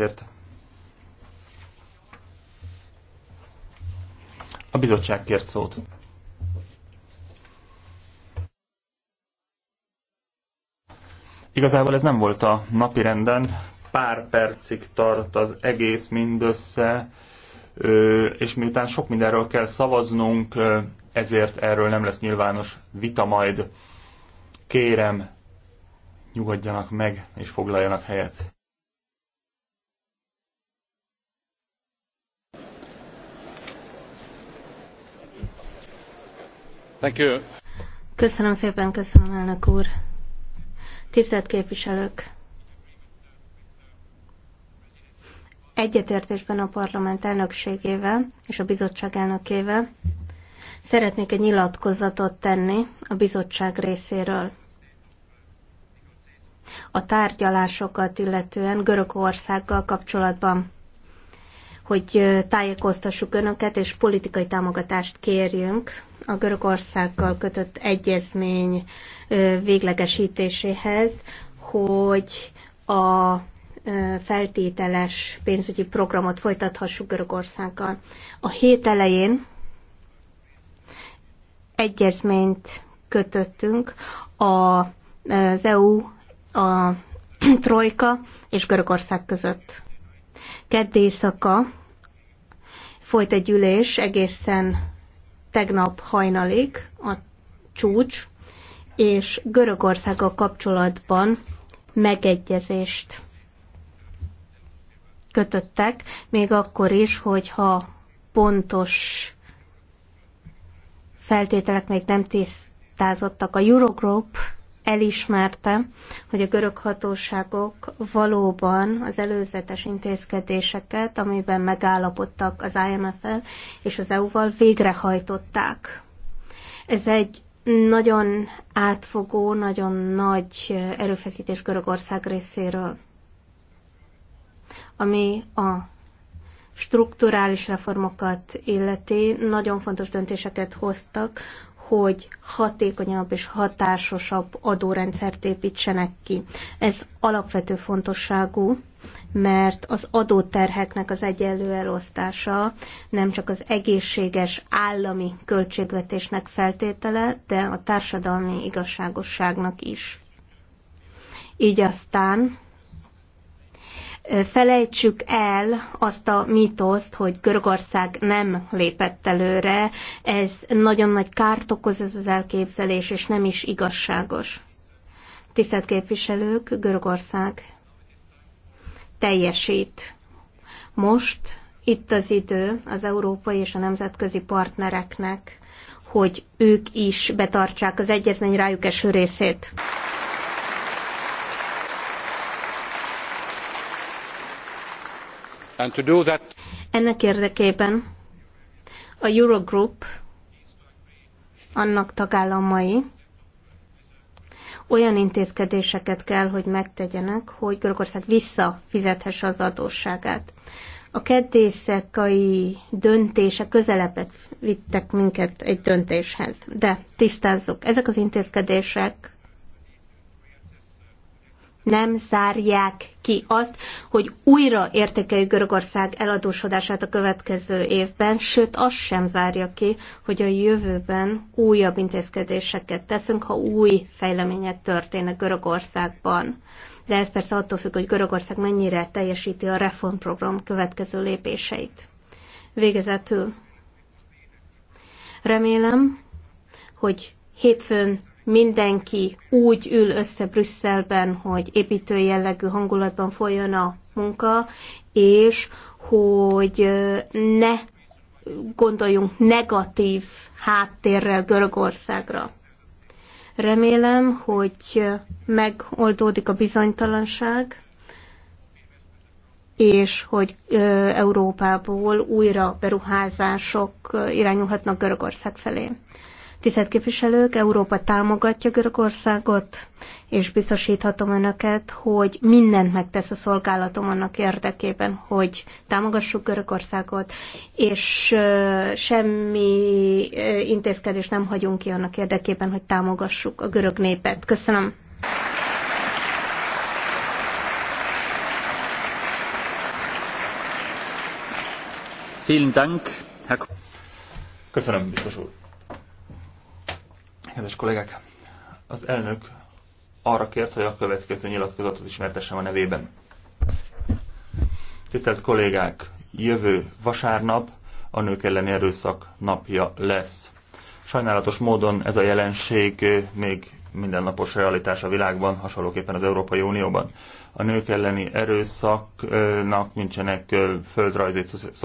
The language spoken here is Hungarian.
Érte? A bizottság kért szót. Igazából ez nem volt a napi renden, pár percig tart az egész mindössze, és miután sok mindenről kell szavaznunk, ezért erről nem lesz nyilvános vita majd. Kérem, nyugodjanak meg és foglaljanak helyet. Thank you. Köszönöm szépen, köszönöm elnök úr. Tisztelt képviselők! Egyetértésben a parlament elnökségével és a bizottság elnökével szeretnék egy nyilatkozatot tenni a bizottság részéről. A tárgyalásokat illetően Görögországgal kapcsolatban hogy tájékoztassuk önöket, és politikai támogatást kérjünk a Görögországgal kötött egyezmény véglegesítéséhez, hogy a feltételes pénzügyi programot folytathassuk Görögországgal. A hét elején egyezményt kötöttünk a, az EU, a Trojka és Görögország között. Kedd éjszaka folyt egy ülés egészen tegnap hajnalig, a csúcs, és Görögországgal kapcsolatban megegyezést kötöttek, még akkor is, hogyha pontos feltételek még nem tisztázottak. A Eurogroup elismerte, hogy a görög hatóságok valóban az előzetes intézkedéseket, amiben megállapodtak az IMF-el és az EU-val, végrehajtották. Ez egy nagyon átfogó, nagyon nagy erőfeszítés Görögország részéről, ami a strukturális reformokat illeti, nagyon fontos döntéseket hoztak hogy hatékonyabb és hatásosabb adórendszert építsenek ki. Ez alapvető fontosságú, mert az adóterheknek az egyenlő elosztása nem csak az egészséges állami költségvetésnek feltétele, de a társadalmi igazságosságnak is. Így aztán Felejtsük el azt a mítoszt, hogy Görögország nem lépett előre. Ez nagyon nagy kárt okoz ez az elképzelés, és nem is igazságos. Tisztelt képviselők, Görögország teljesít. Most itt az idő az európai és a nemzetközi partnereknek, hogy ők is betartsák az egyezmény rájuk eső részét. And to do that... Ennek érdekében a Eurogroup annak tagállamai olyan intézkedéseket kell, hogy megtegyenek, hogy Görögország visszafizethesse az adósságát. A kedészekai döntése közelebbek vittek minket egy döntéshez. De tisztázzuk, ezek az intézkedések nem zárják ki azt, hogy újra értékeljük Görögország eladósodását a következő évben, sőt azt sem zárja ki, hogy a jövőben újabb intézkedéseket teszünk, ha új fejlemények történnek Görögországban. De ez persze attól függ, hogy Görögország mennyire teljesíti a reformprogram következő lépéseit. Végezetül remélem, hogy hétfőn mindenki úgy ül össze Brüsszelben, hogy építő jellegű hangulatban folyjon a munka, és hogy ne gondoljunk negatív háttérrel Görögországra. Remélem, hogy megoldódik a bizonytalanság, és hogy Európából újra beruházások irányulhatnak Görögország felé. Tisztelt képviselők, Európa támogatja Görögországot, és biztosíthatom önöket, hogy mindent megtesz a szolgálatom annak érdekében, hogy támogassuk Görögországot, és semmi intézkedést nem hagyunk ki annak érdekében, hogy támogassuk a görög népet. Köszönöm. Köszönöm, biztos úr. Kedves kollégák, az elnök arra kért, hogy a következő nyilatkozatot ismertessem a nevében. Tisztelt kollégák, jövő vasárnap a nők elleni erőszak napja lesz. Sajnálatos módon ez a jelenség még mindennapos realitás a világban, hasonlóképpen az Európai Unióban. A nők elleni erőszaknak nincsenek földrajzi, szociális